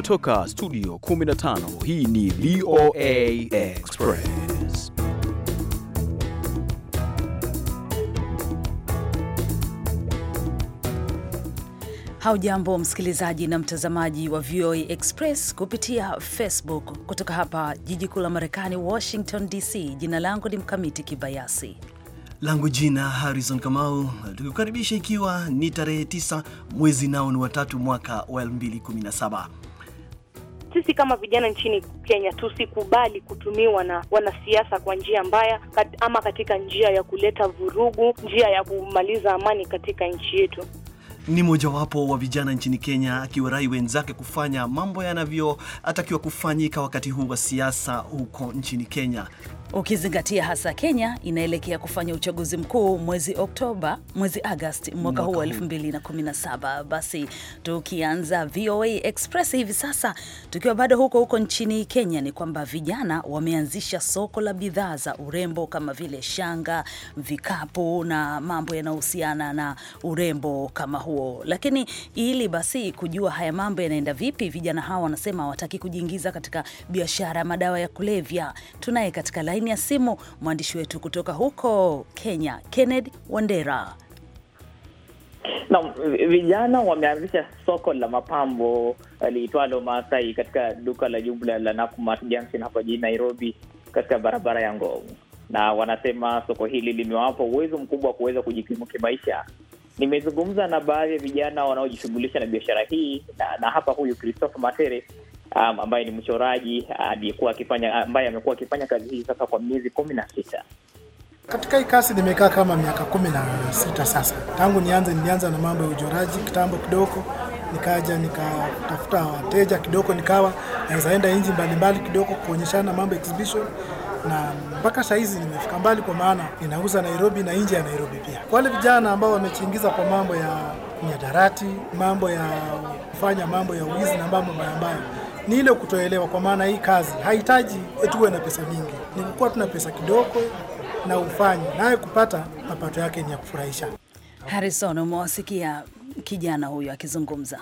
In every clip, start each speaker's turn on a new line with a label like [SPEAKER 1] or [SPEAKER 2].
[SPEAKER 1] kutoka studio 15 hii ni VOA Express.
[SPEAKER 2] Haujambo msikilizaji na mtazamaji wa VOA Express kupitia Facebook kutoka hapa jiji kuu la Marekani, Washington DC. Jina langu ni Mkamiti Kibayasi
[SPEAKER 1] langu jina Harrison Kamau, tukikukaribisha ikiwa ni tarehe 9 mwezi nao ni watatu mwaka wa 2017
[SPEAKER 3] sisi kama vijana nchini Kenya tusikubali kutumiwa na wanasiasa kwa njia mbaya kat, ama katika njia ya kuleta vurugu, njia ya kumaliza amani katika nchi yetu.
[SPEAKER 1] Ni mojawapo wa vijana nchini Kenya akiwarai wenzake kufanya mambo yanavyotakiwa kufanyika wakati huu wa siasa huko nchini Kenya
[SPEAKER 2] ukizingatia hasa Kenya inaelekea kufanya uchaguzi mkuu mwezi Oktoba, mwezi Agosti mwaka huu wa 2017. Basi tukianza VOA Express hivi sasa, tukiwa bado huko huko nchini Kenya, ni kwamba vijana wameanzisha soko la bidhaa za urembo kama vile shanga, vikapu na mambo yanayohusiana na urembo kama huo. Lakini ili basi kujua haya mambo yanaenda vipi, vijana hawa wanasema hawataki kujiingiza katika biashara ya madawa ya kulevya. Tunaye katika laini ya simu mwandishi wetu kutoka huko Kenya, kenned Wandera.
[SPEAKER 4] Na vijana wameanzisha soko la mapambo eh, liitwalo Maasai katika duka la jumla la Nakumatt Junction hapa jijini Nairobi, katika barabara ya Ngong, na wanasema soko hili limewapa uwezo mkubwa wa kuweza kujikimu kimaisha Nimezungumza na baadhi ya vijana wanaojishughulisha na biashara hii na, na hapa huyu Christopher Matere um, ambaye ni mchoraji aliyekuwa akifanya ambaye amekuwa akifanya kazi hii sasa kwa miezi kumi na sita. Katika hii kasi
[SPEAKER 5] nimekaa kama miaka kumi na sita sasa. Tangu nianze, nilianza na mambo ya uchoraji kitambo kidogo, nikaja nikatafuta wateja kidogo, nikawa nawezaenda nji nchi mbalimbali kidogo kuonyeshana mambo exhibition na mpaka hizi nimefika mbali, kwa maana ninauza Nairobi na nje ya Nairobi pia. Kwa wale vijana ambao wamechingiza kwa mambo ya mihadarati, mambo ya kufanya mambo ya uwizi na mambo mbaya mbaya ni ile kutoelewa, kwa maana hii kazi
[SPEAKER 2] hahitaji tuwe na pesa nyingi ni kukuwa tuna pesa kidogo na ufanye naye kupata mapato yake ni ya kufurahisha. Harrison, umewasikia kijana huyo akizungumza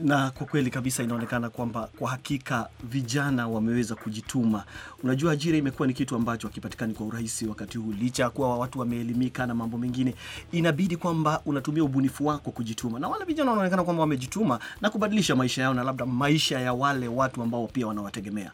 [SPEAKER 1] na kwa kweli kabisa inaonekana kwamba kwa hakika vijana wameweza kujituma. Unajua, ajira imekuwa ni kitu ambacho hakipatikani kwa urahisi wakati huu, licha ya kuwa watu wameelimika na mambo mengine, inabidi kwamba unatumia ubunifu wako kujituma, na wale vijana wanaonekana kwamba wamejituma na kubadilisha maisha yao na labda maisha ya wale watu ambao pia wanawategemea.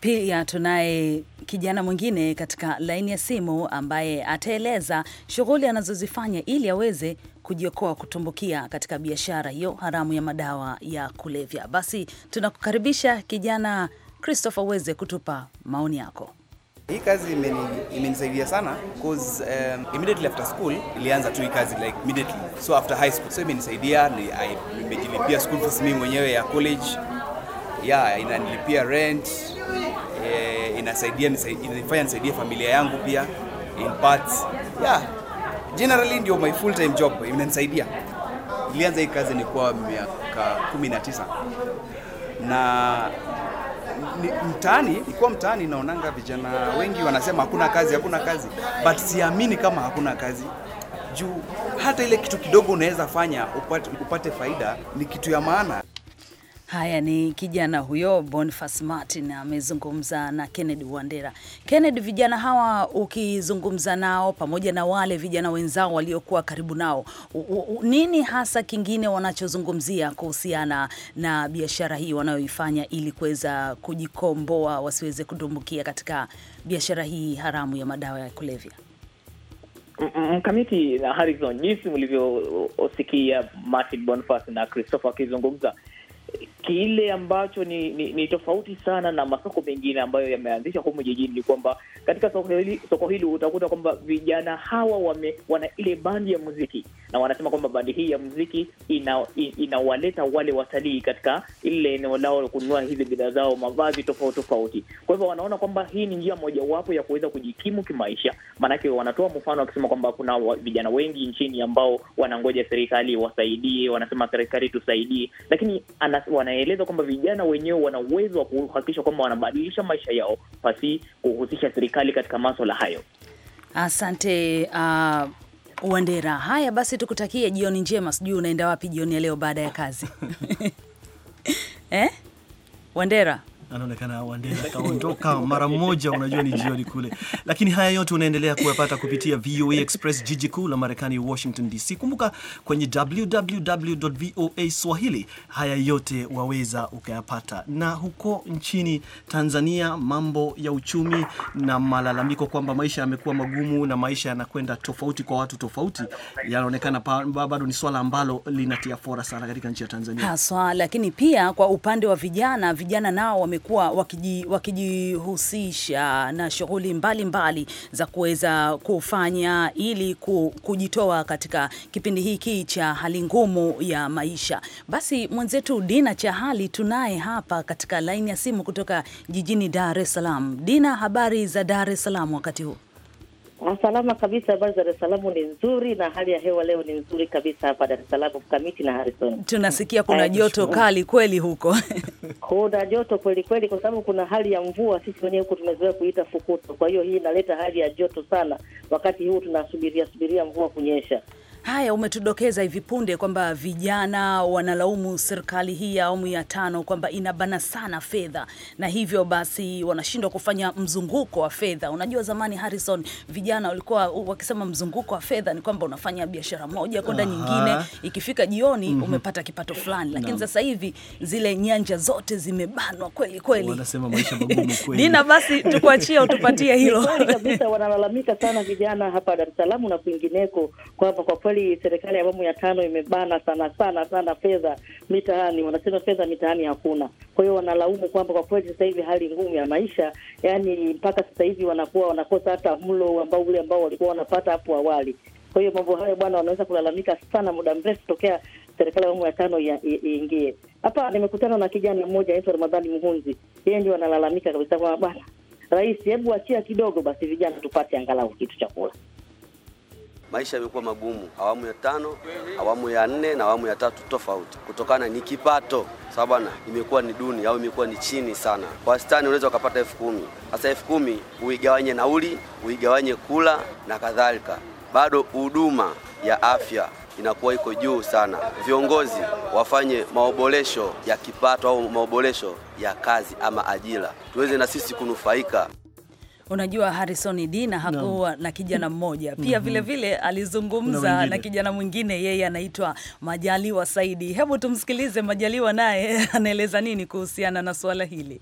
[SPEAKER 2] Pia tunaye kijana mwingine katika laini ya simu ambaye ataeleza shughuli anazozifanya ili aweze kujiokoa kutumbukia katika biashara hiyo haramu ya madawa ya kulevya. Basi tunakukaribisha kijana Christopher uweze kutupa maoni yako.
[SPEAKER 1] Hii kazi imenisaidia sana cause um, immediately after school ilianza tu hii kazi like immediately, so after high school, so imenisaidia nimejilipia school fees mimi mwenyewe ya college ya yeah, inanilipia rent eh, inasaidia, inafanya nisaidia familia yangu pia in parts yeah Generally ndio my full time job inanisaidia. Nilianza hii kazi nilikuwa
[SPEAKER 5] miaka 19 na mtaani nilikuwa mtaani, naonanga vijana wengi wanasema hakuna kazi, hakuna kazi, but siamini
[SPEAKER 2] kama hakuna kazi juu hata ile kitu kidogo unaweza fanya upate, upate faida ni kitu ya maana. Haya, ni kijana huyo Boniface Martin amezungumza na Kennedy Wandera. Kennedy, vijana hawa ukizungumza nao pamoja na wale vijana wenzao waliokuwa karibu nao, u, u, nini hasa kingine wanachozungumzia kuhusiana na biashara hii wanayoifanya ili kuweza kujikomboa wasiweze kudumbukia katika biashara hii haramu ya madawa ya kulevya?
[SPEAKER 4] Mkamiti na Harrison, jinsi mlivyosikia Martin Boniface na Christopher wakizungumza kile ambacho ni, ni, ni tofauti sana na masoko mengine ambayo yameanzisha humu jijini ni kwamba katika soko hili, soko hili utakuta kwamba vijana hawa wame, wana ile bandi ya muziki na wanasema kwamba bandi hii ya muziki inawaleta ina wale watalii katika ile eneo lao kununua hizi bidhaa zao, mavazi tofauti tofauti. Kwa hivyo wanaona kwamba hii ni njia mojawapo ya kuweza kujikimu kimaisha, maanake wanatoa mfano wakisema kwamba kuna vijana wengi nchini ambao wanangoja serikali wasaidie, wanasema serikali tusaidie, lakini ana wanaeleza kwamba vijana wenyewe wana uwezo wa kuhakikisha kwamba wanabadilisha maisha yao pasi kuhusisha serikali katika maswala hayo.
[SPEAKER 2] Asante uh, Wandera. Haya basi, tukutakie jioni njema. Sijui unaenda wapi jioni ya leo baada ya kazi eh? Wandera anaonekana Wandera
[SPEAKER 1] kaondoka mara moja, unajua ni jioni kule. Lakini haya yote unaendelea kuyapata kupitia VOA Express, jiji kuu la Marekani, Washington DC. Kumbuka kwenye www voa swahili, haya yote waweza ukayapata. Na huko nchini Tanzania, mambo ya uchumi na malalamiko kwamba maisha yamekuwa magumu na maisha yanakwenda tofauti kwa watu tofauti, yanaonekana bado ni swala ambalo linatia fora sana katika nchi ya Tanzania
[SPEAKER 2] haswa. Lakini pia kwa upande wa vijana, vijana nao wame wamekuwa wakijihusisha na shughuli mbalimbali za kuweza kufanya ili kujitoa katika kipindi hiki cha hali ngumu ya maisha. Basi mwenzetu Dina Chahali tunaye hapa katika laini ya simu kutoka jijini Dar es Salaam. Dina, habari za Dar es Salaam wakati huu?
[SPEAKER 6] Salama kabisa. Habari za Dar es Salaam ni nzuri, na hali ya hewa leo ni nzuri kabisa hapa Dar es Salaam. Mkamiti na Harrison,
[SPEAKER 2] tunasikia kuna joto kali kweli huko
[SPEAKER 6] kuna joto kweli kweli, kwa sababu kuna hali ya mvua. Sisi wenyewe huku tumezoea kuita fukuto, kwa hiyo hii inaleta hali ya joto sana. Wakati huu tunasubiria subiria mvua kunyesha.
[SPEAKER 2] Haya, umetudokeza hivi punde kwamba vijana wanalaumu serikali hii ya awamu ya tano kwamba inabana sana fedha na hivyo basi wanashindwa kufanya mzunguko wa fedha. Unajua zamani, Harrison, vijana walikuwa wakisema mzunguko wa fedha ni kwamba unafanya biashara moja kwenda nyingine, ikifika jioni mm -hmm. umepata kipato fulani, lakini no. sasa hivi zile nyanja zote zimebanwa kweli kweli,
[SPEAKER 1] wanasema maisha magumu
[SPEAKER 2] kweli. Nina basi tukuachia utupatie hilo kabisa.
[SPEAKER 6] Wanalalamika sana vijana hapa Dar es Salaam na kwingineko kwamba kwa kweli kweli serikali ya awamu ya tano imebana sana sana sana fedha mitaani, wanasema fedha mitaani hakuna. Kwa hiyo wanalaumu kwamba kwa kweli sasa hivi hali ngumu ya maisha, yani mpaka sasa hivi wanakuwa wanakosa hata mlo ambao ule ambao walikuwa wanapata hapo awali. Kwa hiyo mambo hayo bwana, wanaweza kulalamika sana muda mrefu tokea serikali ya awamu ya tano iingie. Hapa nimekutana na kijana mmoja anaitwa Ramadhani Muhunzi, yeye ndio analalamika kabisa kwamba bwana rais, hebu achia kidogo basi vijana tupate angalau kitu cha kula
[SPEAKER 1] maisha yamekuwa magumu, awamu ya tano, awamu ya nne na awamu ya tatu tofauti, kutokana ni kipato sabana, imekuwa ni duni au imekuwa ni chini sana. Kwa wastani unaweza ukapata elfu kumi sasa elfu kumi uigawanye nauli, uigawanye kula na kadhalika, bado huduma ya afya inakuwa iko juu sana. Viongozi wafanye maobolesho ya kipato au maobolesho ya kazi ama ajira, tuweze na sisi kunufaika.
[SPEAKER 2] Unajua Harrison Dina hakuwa no. na kijana mmoja pia vilevile mhm. mm -hmm. vile alizungumza na kijana mwingine, yeye anaitwa Majaliwa Saidi. Hebu tumsikilize Majaliwa, naye anaeleza nini kuhusiana na suala hili.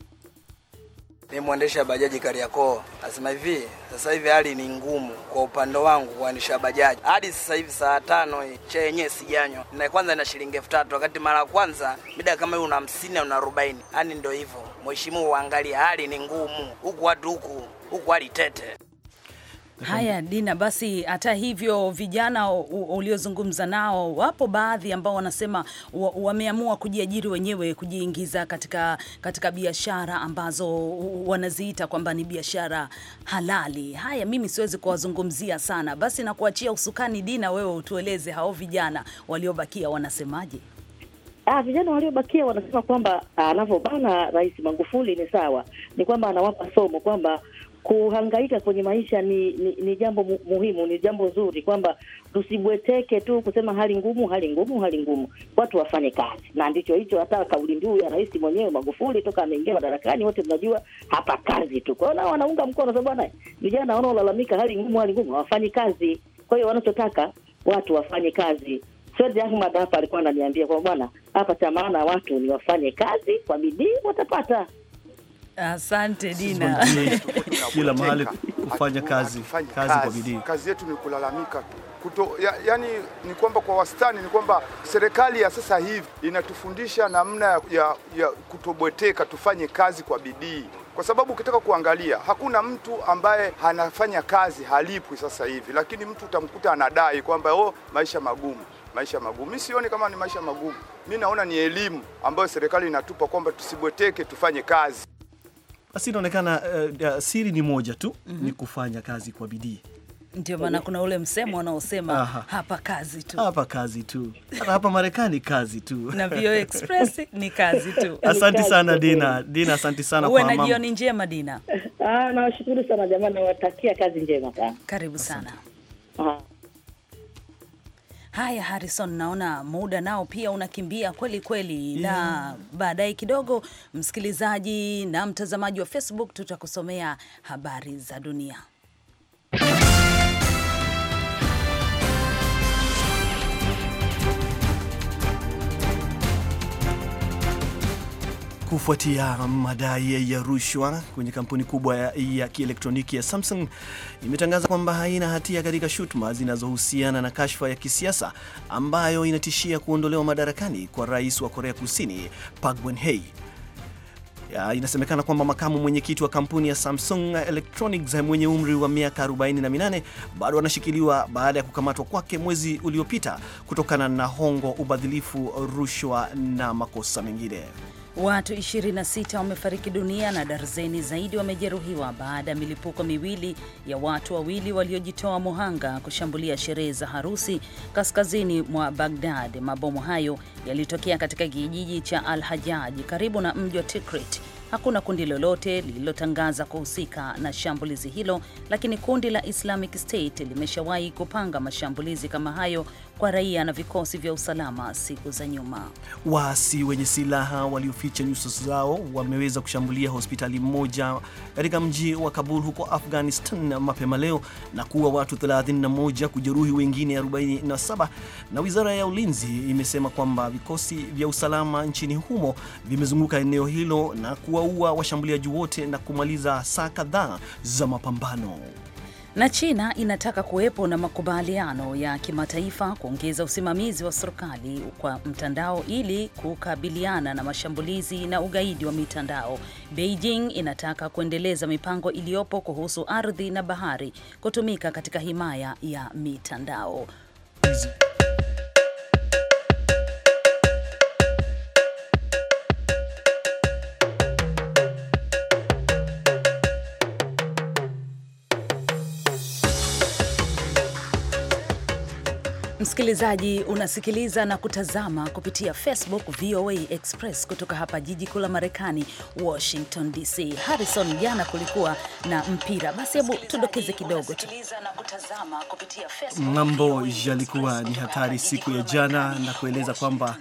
[SPEAKER 5] Ni mwendesha bajaji Kariakoo, nasema hivi sasa hivi hali ni ngumu kwa upande wangu kuanisha bajaji. Hadi sasa hivi saa tano chai yenyewe sijanywa, na kwanza na shilingi elfu tatu wakati mara ya kwanza mida kama hiyo una hamsini na una arobaini. Yaani ndio hivyo, mheshimiwa, uangalie hali ni ngumu huku, watu huku huku tete.
[SPEAKER 2] Haya, Dina, basi hata hivyo, vijana uliozungumza nao, wapo baadhi ambao wanasema wameamua kujiajiri wenyewe, kujiingiza katika, katika biashara ambazo wanaziita kwamba ni biashara halali. Haya, mimi siwezi kuwazungumzia sana, basi na kuachia usukani. Dina, wewe utueleze hao vijana waliobakia wanasemaje?
[SPEAKER 6] Ah, vijana waliobakia wanasema kwamba ah, anavyobana Rais Magufuli ni sawa, ni kwamba anawapa somo kwamba kuhangaika kwenye maisha ni, ni, ni jambo muhimu, ni jambo zuri, kwamba tusibweteke tu kusema hali ngumu, hali ngumu, hali ngumu. Watu wafanye kazi, na ndicho hicho hata kauli mbiu ya rais mwenyewe Magufuli toka ameingia madarakani, wote mnajua hapa kazi tu. Kwa hiyo nao wanaunga mkono, sababu bwana, vijana wanaolalamika hali ngumu, hali ngumu, hawafanyi kazi. Kwa hiyo wanachotaka watu wafanye kazi. Said Ahmad hapa alikuwa ananiambia kwa bwana, hapa cha maana watu ni wafanye kazi kwa bidii, watapata
[SPEAKER 2] Asante Dina. Kila mahali kufanya kazi, kazi, kazi kwa bidii. Kazi yetu ni
[SPEAKER 5] kulalamika kuto, ya, yani ni kwamba kwa wastani ni kwamba serikali ya sasa hivi inatufundisha namna ya, ya, ya kutobweteka, tufanye kazi kwa bidii kwa sababu ukitaka kuangalia hakuna mtu ambaye anafanya kazi halipwi sasa hivi, lakini mtu utamkuta anadai kwamba oh, maisha magumu, maisha magumu. Mi sioni kama ni maisha magumu, mi naona ni elimu ambayo serikali inatupa kwamba tusibweteke, tufanye kazi. Basi
[SPEAKER 1] inaonekana uh, siri ni moja tu mm -hmm. ni kufanya kazi kwa bidii.
[SPEAKER 2] Ndio maana kuna ule msemo wanaosema hapa kazi
[SPEAKER 1] tu, hapa kazi tu, hata hapa Marekani kazi tu na Vio Express
[SPEAKER 2] ni kazi tu. Asante sana Dina.
[SPEAKER 1] Dina, asante sana kwa mama, uwe na jioni
[SPEAKER 2] njema Dina. Ah, nawashukuru sana jamani, nawatakia kazi njema sana, karibu sana. Haya, Harrison, naona muda nao pia unakimbia kweli kweli, yeah. Mm-hmm. Na baadaye kidogo, msikilizaji na mtazamaji wa Facebook, tutakusomea habari za dunia.
[SPEAKER 1] kufuatia madai ya rushwa kwenye kampuni kubwa ya, ya kielektroniki ya Samsung imetangaza kwamba haina hatia katika shutuma zinazohusiana na kashfa ya kisiasa ambayo inatishia kuondolewa madarakani kwa rais wa Korea Kusini Park Geun-hye. Ya, inasemekana kwamba makamu mwenyekiti wa kampuni ya Samsung Electronics mwenye umri wa miaka 48 bado anashikiliwa baada ya kukamatwa kwake mwezi uliopita kutokana na hongo, ubadhilifu, rushwa na makosa mengine.
[SPEAKER 2] Watu 26 wamefariki dunia na darzeni zaidi wamejeruhiwa baada ya milipuko miwili ya watu wawili waliojitoa muhanga kushambulia sherehe za harusi kaskazini mwa Bagdad. Mabomu hayo yalitokea katika kijiji cha Al hajaj karibu na mji wa Tikrit. Hakuna kundi lolote lililotangaza kuhusika na shambulizi hilo, lakini kundi la Islamic State limeshawahi kupanga mashambulizi kama hayo kwa raia na vikosi vya usalama siku za nyuma.
[SPEAKER 1] Waasi wenye silaha walioficha nyuso zao wameweza kushambulia hospitali moja katika mji wa Kabul huko Afghanistan mapema leo na kuua watu 31 kujeruhi wengine 47, na wizara ya ulinzi imesema kwamba vikosi vya usalama nchini humo vimezunguka eneo hilo na kuwaua washambuliaji wote na kumaliza saa kadhaa za mapambano.
[SPEAKER 2] Na China inataka kuwepo na makubaliano ya kimataifa kuongeza usimamizi wa serikali kwa mtandao ili kukabiliana na mashambulizi na ugaidi wa mitandao. Beijing inataka kuendeleza mipango iliyopo kuhusu ardhi na bahari kutumika katika himaya ya mitandao. Msikilizaji, unasikiliza na kutazama kupitia Facebook VOA Express kutoka hapa jiji kuu la Marekani, Washington DC. Harrison, jana kulikuwa na mpira, basi hebu tudokeze kidogo tu.
[SPEAKER 1] Mambo yalikuwa ni hatari siku ya jana na kueleza kwamba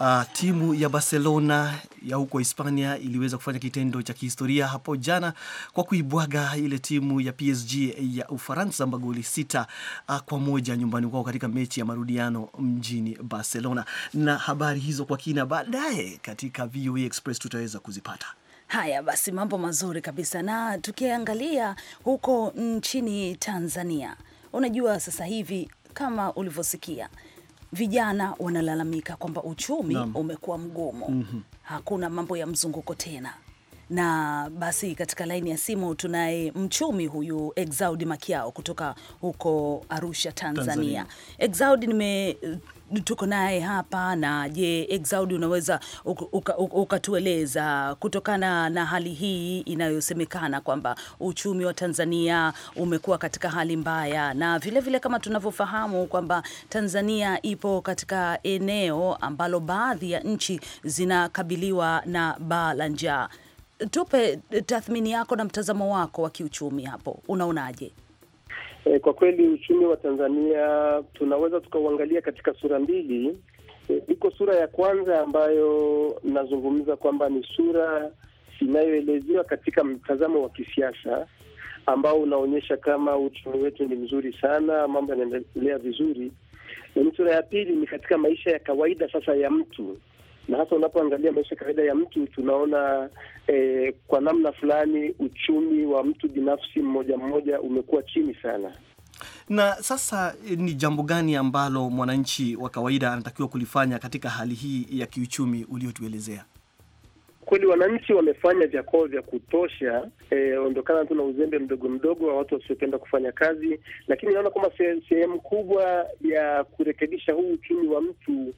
[SPEAKER 1] Uh, timu ya Barcelona ya huko Hispania iliweza kufanya kitendo cha kihistoria hapo jana kwa kuibwaga ile timu ya PSG ya Ufaransa magoli sita uh, kwa moja nyumbani kwao katika mechi ya marudiano mjini Barcelona. Na habari hizo kwa kina baadaye katika VOA Express tutaweza kuzipata.
[SPEAKER 2] Haya basi, mambo mazuri kabisa. Na tukiangalia huko nchini Tanzania, unajua sasa hivi kama ulivyosikia vijana wanalalamika kwamba uchumi umekuwa mgumu mm -hmm. hakuna mambo ya mzunguko tena na basi katika laini ya simu tunaye mchumi huyu Exaudi Makiao kutoka huko Arusha, Tanzania, Tanzania. Exaudi nime tuko naye hapa na je, Exaudi, unaweza ukatueleza uka, uka kutokana na hali hii inayosemekana kwamba uchumi wa Tanzania umekuwa katika hali mbaya, na vilevile vile kama tunavyofahamu kwamba Tanzania ipo katika eneo ambalo baadhi ya nchi zinakabiliwa na baa la njaa tupe eh, tathmini yako na mtazamo wako wa kiuchumi hapo, unaonaje?
[SPEAKER 7] E, kwa kweli uchumi wa Tanzania tunaweza tukauangalia katika sura mbili. E, iko sura ya kwanza ambayo nazungumza kwamba ni sura inayoelezewa katika mtazamo wa kisiasa ambao unaonyesha kama uchumi wetu ni mzuri sana, mambo yanaendelea vizuri. Lakini sura ya pili ni katika maisha ya kawaida sasa ya mtu na hasa unapoangalia maisha kawaida ya mtu tunaona eh, kwa namna fulani uchumi wa mtu binafsi mmoja mmoja umekuwa chini sana.
[SPEAKER 1] Na sasa eh, ni jambo gani ambalo mwananchi wa kawaida anatakiwa kulifanya katika hali hii ya kiuchumi uliotuelezea?
[SPEAKER 7] Kweli wananchi wamefanya vyakoo vya kutosha, eh, ondokana tu na uzembe mdogo mdogo wa watu wasiopenda kufanya kazi, lakini naona kama sehemu kubwa ya kurekebisha huu uchumi wa mtu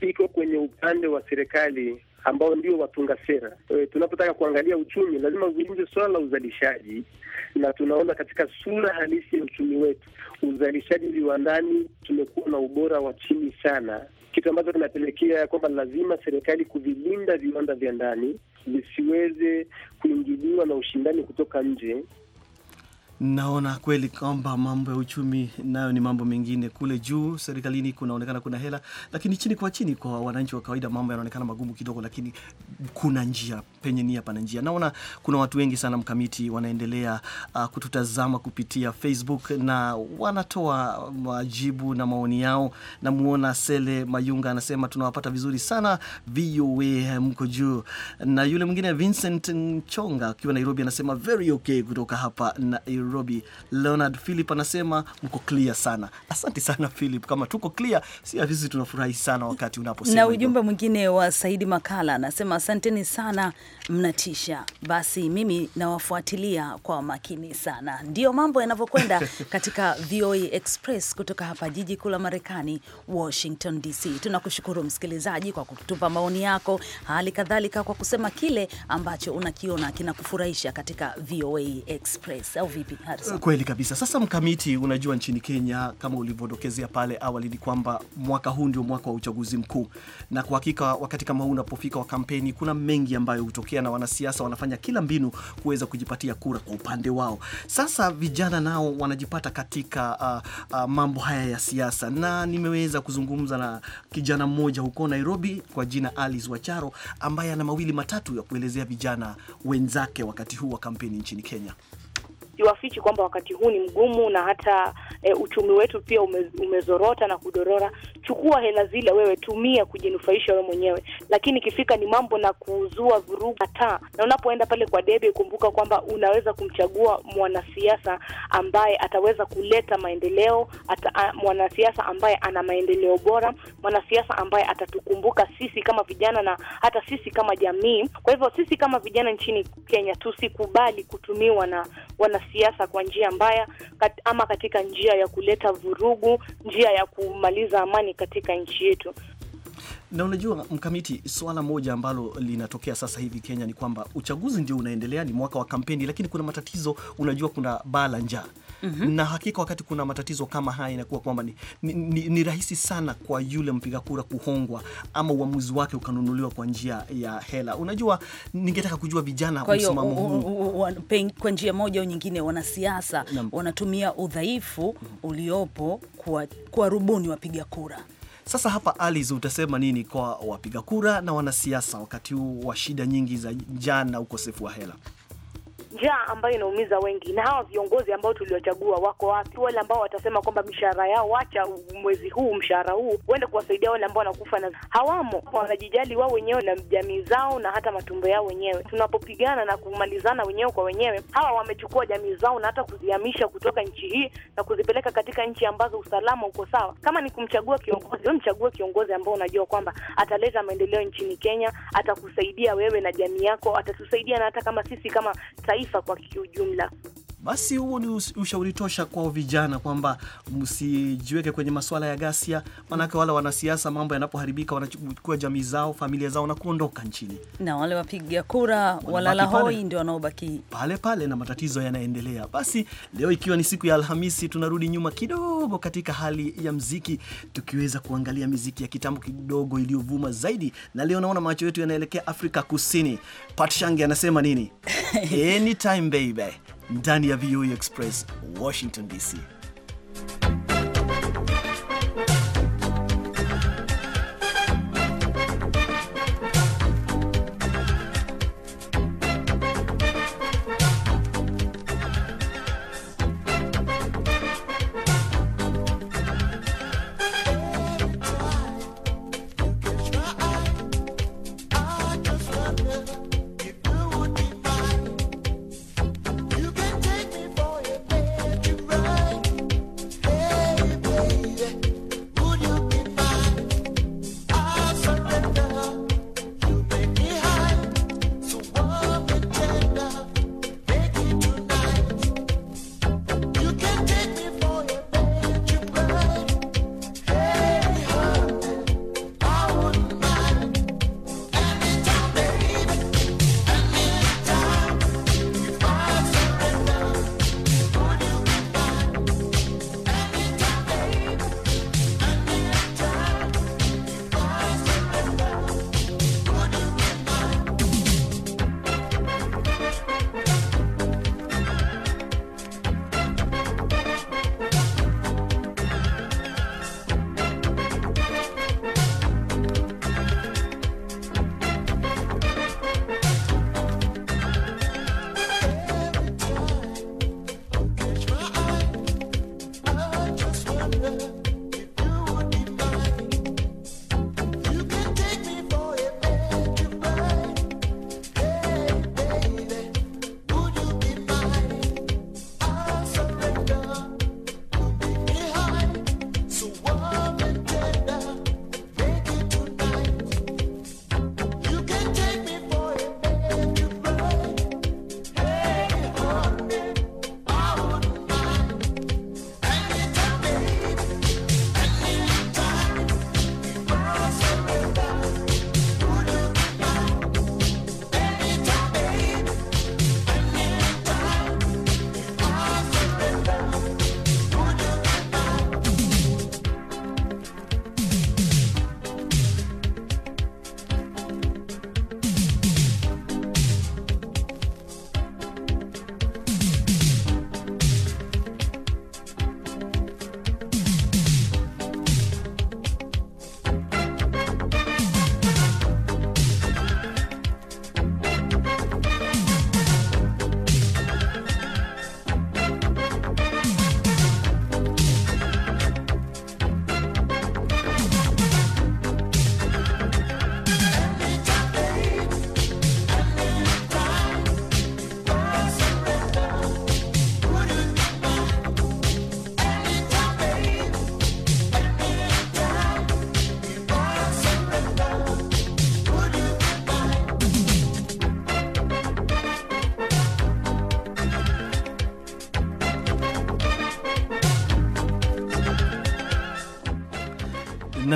[SPEAKER 7] iko kwenye upande wa serikali ambao ndio watunga sera. E, tunapotaka kuangalia uchumi lazima uzungumze swala la uzalishaji, na tunaona katika sura halisi ya uchumi wetu uzalishaji viwandani tumekuwa na ubora wa chini sana, kitu ambacho kinapelekea kwamba lazima serikali kuvilinda viwanda vya ndani visiweze kuingiliwa na ushindani kutoka nje
[SPEAKER 1] Naona kweli kwamba mambo ya uchumi nayo ni mambo mengine. Kule juu serikalini kunaonekana kuna hela, lakini chini kwa chini, kwa wananchi wa kawaida, mambo yanaonekana magumu kidogo, lakini kuna njia, penye nia pana njia. Naona kuna watu wengi sana mkamiti wanaendelea uh, kututazama kupitia Facebook na wanatoa majibu na maoni yao. Namuona Sele Mayunga anasema tunawapata vizuri sana VOA, mko juu. Na yule mwingine Vincent Chonga akiwa Nairobi anasema very okay kutoka hapa na Nairobi, Leonard Philip anasema mko clear sana. Asante sana Philip, kama tuko clear si sisi tunafurahi sana wakati unaposema. Na ujumbe
[SPEAKER 2] mwingine wa Saidi Makala anasema asanteni sana, mnatisha. Basi mimi nawafuatilia kwa makini sana. Ndiyo mambo yanavyokwenda katika VOA Express kutoka hapa jiji kuu la Marekani, Washington DC. Tunakushukuru msikilizaji kwa kutupa maoni yako, hali kadhalika kwa kusema kile ambacho unakiona kinakufurahisha katika VOA Express, au vipi? Harrison. Kweli
[SPEAKER 1] kabisa. Sasa mkamiti, unajua nchini Kenya kama ulivyodokezea pale awali ni kwamba mwaka huu ndio mwaka wa uchaguzi mkuu, na kwa hakika wakati kama huu unapofika wa kampeni, kuna mengi ambayo hutokea na wanasiasa wanafanya kila mbinu kuweza kujipatia kura kwa upande wao. Sasa vijana nao wanajipata katika uh, uh, mambo haya ya siasa, na nimeweza kuzungumza na kijana mmoja huko Nairobi kwa jina Alice Wacharo ambaye ana mawili matatu ya kuelezea vijana wenzake wakati huu wa kampeni nchini Kenya
[SPEAKER 3] siwafichi kwamba wakati huu ni mgumu na hata e, uchumi wetu pia ume, umezorota na kudorora. Chukua hela zile, wewe tumia kujinufaisha wewe mwenyewe, lakini ikifika ni mambo na kuzua vurugu hata. Na unapoenda pale kwa debe, kumbuka kwamba unaweza kumchagua mwanasiasa ambaye ataweza kuleta maendeleo ata, mwanasiasa ambaye ana maendeleo bora, mwanasiasa ambaye atatukumbuka sisi kama vijana na hata sisi kama jamii. Kwa hivyo sisi kama vijana nchini Kenya tusikubali kutumiwa na wana siasa kwa njia mbaya kat, ama katika njia ya kuleta vurugu, njia ya kumaliza amani katika nchi yetu.
[SPEAKER 1] Na unajua mkamiti, swala moja ambalo linatokea sasa hivi Kenya ni kwamba uchaguzi ndio unaendelea, ni mwaka wa kampeni, lakini kuna matatizo. Unajua kuna baa la njaa mm -hmm. na hakika wakati kuna matatizo kama haya inakuwa kwamba ni, ni, ni, ni rahisi sana kwa yule mpiga kura kuhongwa ama uamuzi wake
[SPEAKER 2] ukanunuliwa kwa njia ya hela. Unajua, ningetaka kujua vijana msimamo huu kwa njia moja au nyingine, wanasiasa wanatumia udhaifu mm. uliopo kuwarubuni wapiga kura.
[SPEAKER 1] Sasa hapa, Alice, utasema nini kwa wapiga kura na wanasiasa wakati huu wa shida nyingi za njaa na ukosefu wa hela?
[SPEAKER 3] njaa ambayo inaumiza wengi, na hawa viongozi ambao tuliwachagua wako wapi? Wale ambao watasema kwamba mishahara yao, wacha mwezi huu mshahara huu uende kuwasaidia wale ambao wanakufa, na hawamo, wanajijali wao wenyewe na jamii zao na hata matumbo yao wenyewe. Tunapopigana na kumalizana wenyewe kwa wenyewe, hawa wamechukua jamii zao na hata kuzihamisha kutoka nchi hii na kuzipeleka katika nchi ambazo usalama uko sawa. Kama ni kumchagua kiongozi, mchague kiongozi ambao unajua kwamba ataleta maendeleo nchini Kenya, atakusaidia wewe na jamii yako, atatusaidia na hata kama sisi kama taifa taifa
[SPEAKER 4] kwa kiujumla.
[SPEAKER 1] Basi huo ni ushauri tosha kwa vijana kwamba msijiweke kwenye masuala ya ghasia, maanake wala wanasiasa mambo yanapoharibika wanachukua jamii zao, familia zao na kuondoka nchini,
[SPEAKER 2] na wale wapiga kura hoi
[SPEAKER 1] ndio wanaobaki pale pale na matatizo yanaendelea. Basi leo ikiwa ni siku ya Alhamisi, tunarudi nyuma kidogo katika hali ya mziki, tukiweza kuangalia miziki ya kitambo kidogo iliyovuma zaidi, na leo naona macho yetu yanaelekea Afrika Kusini. Patshange anasema nini? Anytime baby ndani ya VOA e Express, Washington DC.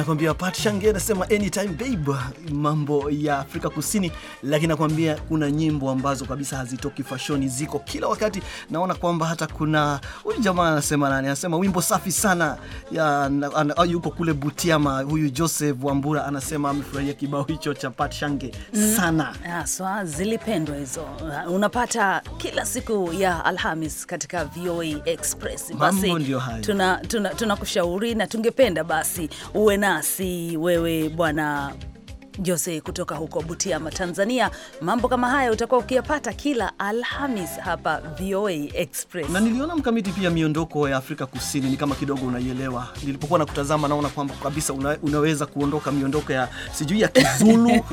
[SPEAKER 1] nakwambia Pat Shange anasema anytime babe, mambo ya Afrika Kusini. Lakini nakwambia kuna nyimbo ambazo kabisa hazitoki fashoni, ziko kila wakati. Naona kwamba hata kuna huyu jamaa anasema nani, anasema wimbo safi sana ya ah, yuko kule Butiama, huyu Joseph Wambura anasema amefurahia kibao hicho cha Pat Shange mm-hmm. sana
[SPEAKER 2] haswa. Mm, zilipendwa hizo. Unapata kila siku ya Alhamis katika VOA Express. Basi tunakushauri tuna, tuna na tungependa basi uwe na basi wewe bwana Jose kutoka huko Butiama, Tanzania. Mambo kama haya utakuwa ukiyapata kila Alhamis hapa VOA Express. Na
[SPEAKER 1] niliona mkamiti pia miondoko ya Afrika Kusini ni kama kidogo unaielewa. Nilipokuwa nakutazama, naona kwamba kabisa una, unaweza kuondoka miondoko ya sijui ya Kizulu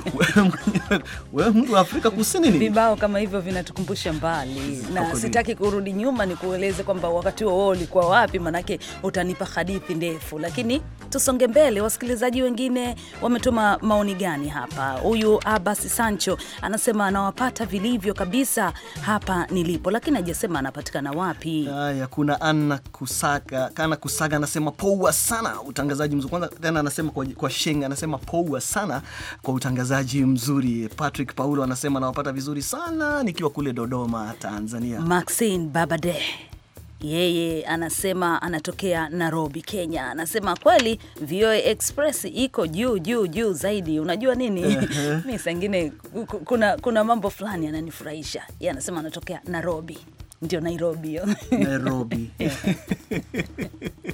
[SPEAKER 2] wewe mtu wa Afrika Kusini ni vibao kama hivyo vinatukumbusha mbali, na sitaki kurudi nyuma ni kueleze kwamba wakati huo ulikuwa wapi, manake utanipa hadithi ndefu, lakini tusonge mbele. Wasikilizaji wengine wametuma maoni gani? gani hapa? Huyu Abbas Sancho anasema anawapata vilivyo kabisa hapa nilipo, lakini hajasema anapatikana wapi. Haya, kuna Anna Kusaga, kana Kusaga anasema
[SPEAKER 1] poua sana utangazaji mzuri. Kwanza tena anasema kwa, kwa shenga anasema poua sana kwa utangazaji mzuri. Patrick Paulo anasema anawapata vizuri sana nikiwa kule Dodoma, Tanzania.
[SPEAKER 2] Maxine Babade yeye anasema anatokea Nairobi, Kenya. Anasema kweli VOA Express iko juu juu juu zaidi. Unajua nini, mi sangine kuna, kuna mambo fulani yananifurahisha. Yeye anasema anatokea Nairobi, ndio Nairobi Nairobi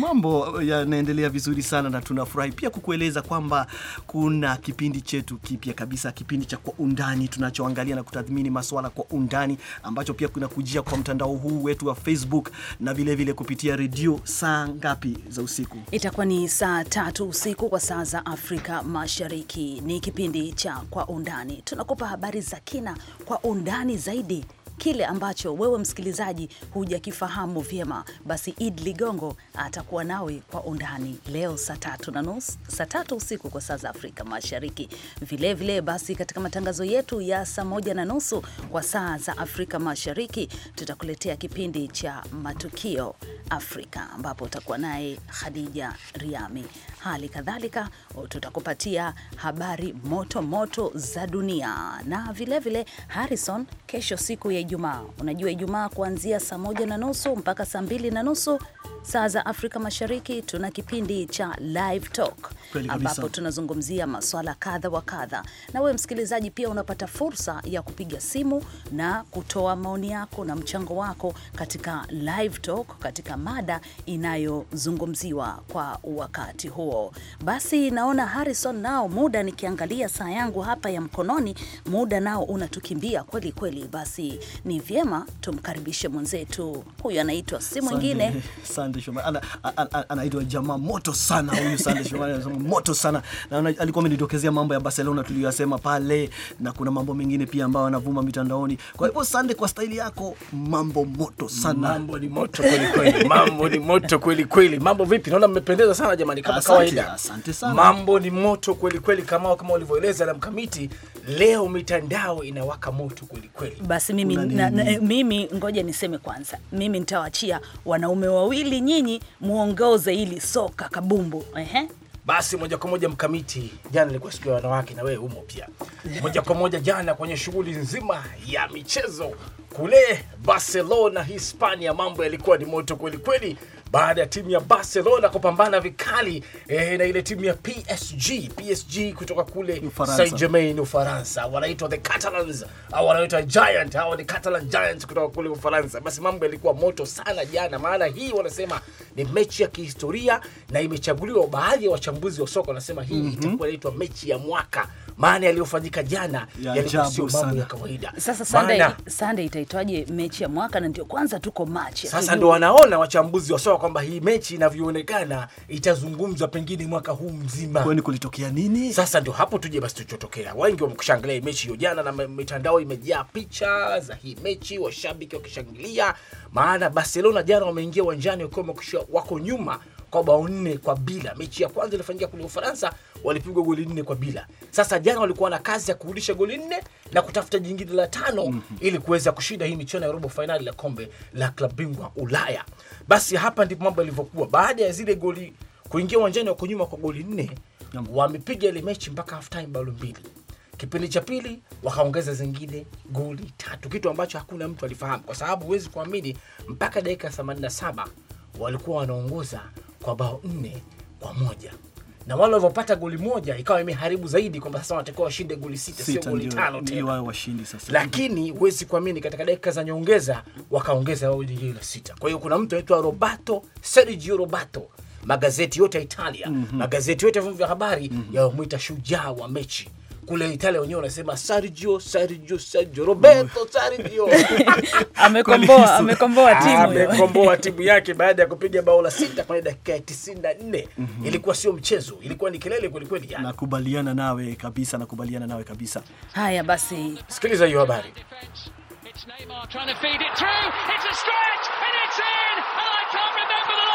[SPEAKER 1] Mambo yanaendelea vizuri sana na tunafurahi pia kukueleza kwamba kuna kipindi chetu kipya kabisa, kipindi cha Kwa Undani, tunachoangalia na kutathmini maswala kwa undani, ambacho pia kunakujia kwa mtandao huu wetu wa Facebook na vilevile vile kupitia redio. Saa ngapi za usiku?
[SPEAKER 2] Itakuwa ni saa tatu usiku kwa saa za Afrika Mashariki. Ni kipindi cha Kwa Undani, tunakupa habari za kina kwa undani zaidi kile ambacho wewe msikilizaji hujakifahamu vyema, basi Id Ligongo atakuwa nawe kwa undani leo saa tatu na nusu, saa tatu usiku kwa saa za Afrika Mashariki. Vilevile vile basi katika matangazo yetu ya saa moja na nusu kwa saa za Afrika Mashariki tutakuletea kipindi cha Matukio Afrika ambapo utakuwa naye Khadija Riami. Hali kadhalika tutakupatia habari moto moto za dunia na vilevile vile, Harrison kesho siku ya Ijumaa. Unajua Ijumaa kuanzia saa moja na nusu mpaka saa mbili na nusu saa za Afrika Mashariki tuna kipindi cha Live Talk ambapo tunazungumzia maswala kadha wa kadha, na wewe msikilizaji pia unapata fursa ya kupiga simu na kutoa maoni yako na mchango wako katika Live Talk, katika mada inayozungumziwa kwa wakati huo. Basi naona Harrison, nao muda nikiangalia saa yangu hapa ya mkononi, muda nao unatukimbia kweli kweli. Basi ni vyema tumkaribishe mwenzetu huyu, anaitwa si mwingine
[SPEAKER 1] Sande Shomari, anaitwa jamaa moto sana huyu Sande Shomari, anasema moto sana na alikuwa amenidokezea mambo ya Barcelona tuliyoyasema pale, na kuna mambo mengine pia ambayo anavuma mitandaoni. Kwa hivyo Sande, kwa staili yako, mambo moto
[SPEAKER 5] sana. Mambo ni moto kweli kweli, mambo ni moto kweli kweli. Mambo vipi? Naona mmependeza sana jamani, kama kawaida. Asante sana. Mambo ni moto kweli kweli, kama kama ulivyoeleza
[SPEAKER 2] na mkamiti, leo mitandao inawaka moto kweli kweli. Basi mimi na, na, eh, mimi ngoja niseme kwanza, mimi nitawachia wanaume wawili nyinyi muongoze hili soka kabumbu. Ehe.
[SPEAKER 5] Basi moja kwa moja mkamiti, jana ilikuwa siku ya wanawake na wewe umo pia. Moja kwa moja jana kwenye shughuli nzima ya michezo kule Barcelona, Hispania, mambo yalikuwa ni moto kweli kweli baada ya timu ya Barcelona kupambana vikali eh, na ile timu ya PSG. PSG kutoka kule Saint Germain Ufaransa, wanaitwa the Catalans au wanaitwa Giant, au the Catalan Giants kutoka kule Ufaransa. Basi mambo yalikuwa moto sana jana, maana hii wanasema ni mechi ya kihistoria na imechaguliwa, baadhi ya wachambuzi wa soka wanasema hii mm -hmm. itakuwa inaitwa mechi ya mwaka,
[SPEAKER 2] maana yaliyofanyika jana yalikuwa sio mambo ya
[SPEAKER 5] kawaida. Sasa Sunday,
[SPEAKER 2] Sunday itaitwaje mechi ya mwaka? Na ndio kwanza tuko Machi, sasa ndio
[SPEAKER 5] wanaona wachambuzi wa soka kwamba hii mechi inavyoonekana itazungumzwa pengine mwaka huu mzima. Kwani kulitokea nini? Sasa ndio hapo tuje basi tulichotokea. Wengi wamkushangilia mechi hiyo jana, na mitandao imejaa picha za hii mechi, washabiki wakishangilia, maana Barcelona jana wameingia uwanjani wakiwa wako nyuma kwa bao nne kwa bila. Mechi ya kwanza ilifanyika kule Ufaransa, walipigwa goli nne kwa bila. Sasa jana walikuwa na kazi ya kurudisha goli nne na kutafuta jingine la tano mm -hmm. ili kuweza kushinda hii michuano ya robo fainali la kombe la klabu bingwa Ulaya. Basi hapa ndipo mambo yalivyokuwa baada ya zile goli kuingia uwanjani wako nyuma kwa goli nne wamepiga ile mechi mpaka half time bao mbili Kipindi cha pili wakaongeza zingine goli tatu, kitu ambacho hakuna mtu alifahamu, kwa sababu huwezi kuamini mpaka dakika 87 walikuwa wanaongoza kwa bao nne kwa moja na wale walivyopata goli moja ikawa imeharibu zaidi kwamba sasa wanatakiwa washinde goli sita, sio goli tano
[SPEAKER 1] tena, washindi sasa. Lakini
[SPEAKER 5] huwezi kuamini, katika dakika za nyongeza wakaongeza bao jingine la sita. Kwa hiyo kuna mtu anaitwa Roberto Sergio Roberto, magazeti yote ya Italia, mm -hmm. magazeti yote ya vyombo vya habari mm -hmm. yawamwita shujaa wa mechi kule Italia wenyewe wanasema Sergio, Sergio, Sergio Roberto Sergio amekomboa amekomboa ah, timu amekomboa timu yake baada ya kupiga bao la sita kwenye dakika ya 94. mm -hmm. Ilikuwa sio mchezo, ilikuwa ni kelele kweli kweli. nakubaliana nawe kabisa, nakubaliana nawe kabisa. Haya basi, sikiliza hiyo habari.
[SPEAKER 2] Neymar trying to feed
[SPEAKER 3] it through. It's a stretch and it's in and I can't remember the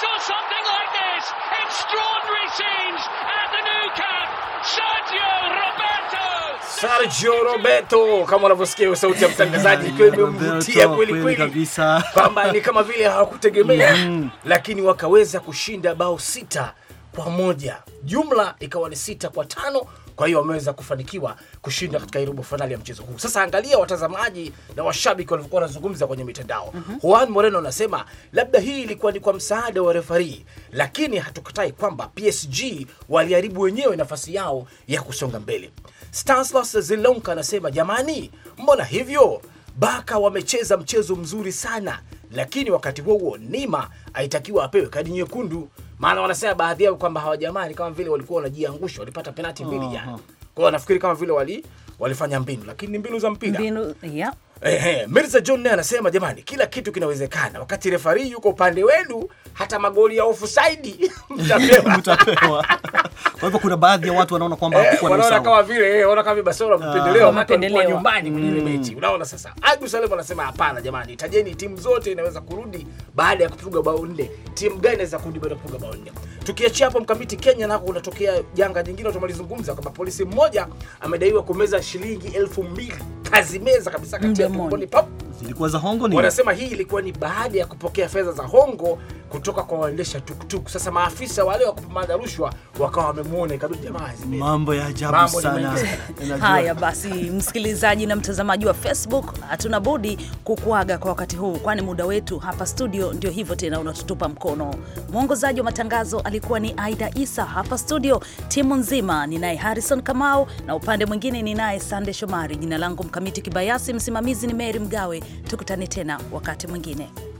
[SPEAKER 3] something like this. Extraordinary scenes at the new camp. Sergio
[SPEAKER 5] Roberto. Sergio Roberto, kama unavyosikia sauti ya mtangazaji ikiwa imemvutia kweli kweli kabisa, kwamba ni kama vile hawakutegemea mm, lakini wakaweza kushinda bao sita kwa moja, jumla ikawa ni sita kwa tano kwa hiyo wameweza kufanikiwa kushinda katika robo fainali ya mchezo huu. Sasa angalia watazamaji na washabiki walivyokuwa wanazungumza kwenye mitandao. mm -hmm. Juan Moreno anasema labda hii ilikuwa ni kwa msaada wa refarii, lakini hatukatai kwamba PSG waliharibu wenyewe nafasi yao ya kusonga mbele. Stanislas Zilonka anasema jamani, mbona hivyo Baka wamecheza mchezo mzuri sana, lakini wakati huo huo nima aitakiwa apewe kadi nyekundu, maana wanasema baadhi yao kwamba hawajamani kama vile walikuwa wanajiangusha, walipata penati mbili jana. Kwa hiyo nafikiri kama vile wali walifanya mbinu, lakini ni mbinu za mpira mbinu, yeah. Ehe, Mirza John naye anasema jamani, kila kitu kinawezekana wakati refari yuko upande wenu, hata magoli ya offside mtapewa.
[SPEAKER 1] Mtapewa. Kwa hivyo kuna baadhi ya watu wanaona kwamba eh, wanaona
[SPEAKER 5] kama vile eh, wanaona kama Barcelona mpendeleo ah, mpendeleo nyumbani kwenye ile mm. mechi. Unaona sasa. Agu Salem anasema hapana jamani, itajeni timu zote inaweza kurudi baada ya kupiga bao nne. Timu gani inaweza kurudi baada ya kupiga bao nne? Tukiachia hapo mkamiti, Kenya nako kunatokea janga jingine tumalizungumza kwamba polisi mmoja amedaiwa kumeza shilingi elfu mbili kazimeza kabisa kati ya
[SPEAKER 1] zilikuwa za hongo. Wanasema
[SPEAKER 5] hii ilikuwa ni baada ya kupokea fedha za hongo kutoka kwa waendesha tuktuk. Sasa maafisa wale wa kupambana rushwa wakawa wamemwona, ikabidi jamaa,
[SPEAKER 1] mambo ya ajabu sana. Haya
[SPEAKER 2] basi, msikilizaji na mtazamaji wa Facebook, hatuna budi kukuaga kwa wakati huu, kwani muda wetu hapa studio ndio hivyo tena, unatutupa mkono. Mwongozaji wa matangazo alikuwa ni Aida Isa, hapa studio timu nzima ni naye Harrison Kamau na upande mwingine ni naye Sande Shomari. Jina langu Mkamiti Kibayasi, msimamizi ni Meri Mgawe. Tukutane tena wakati mwingine.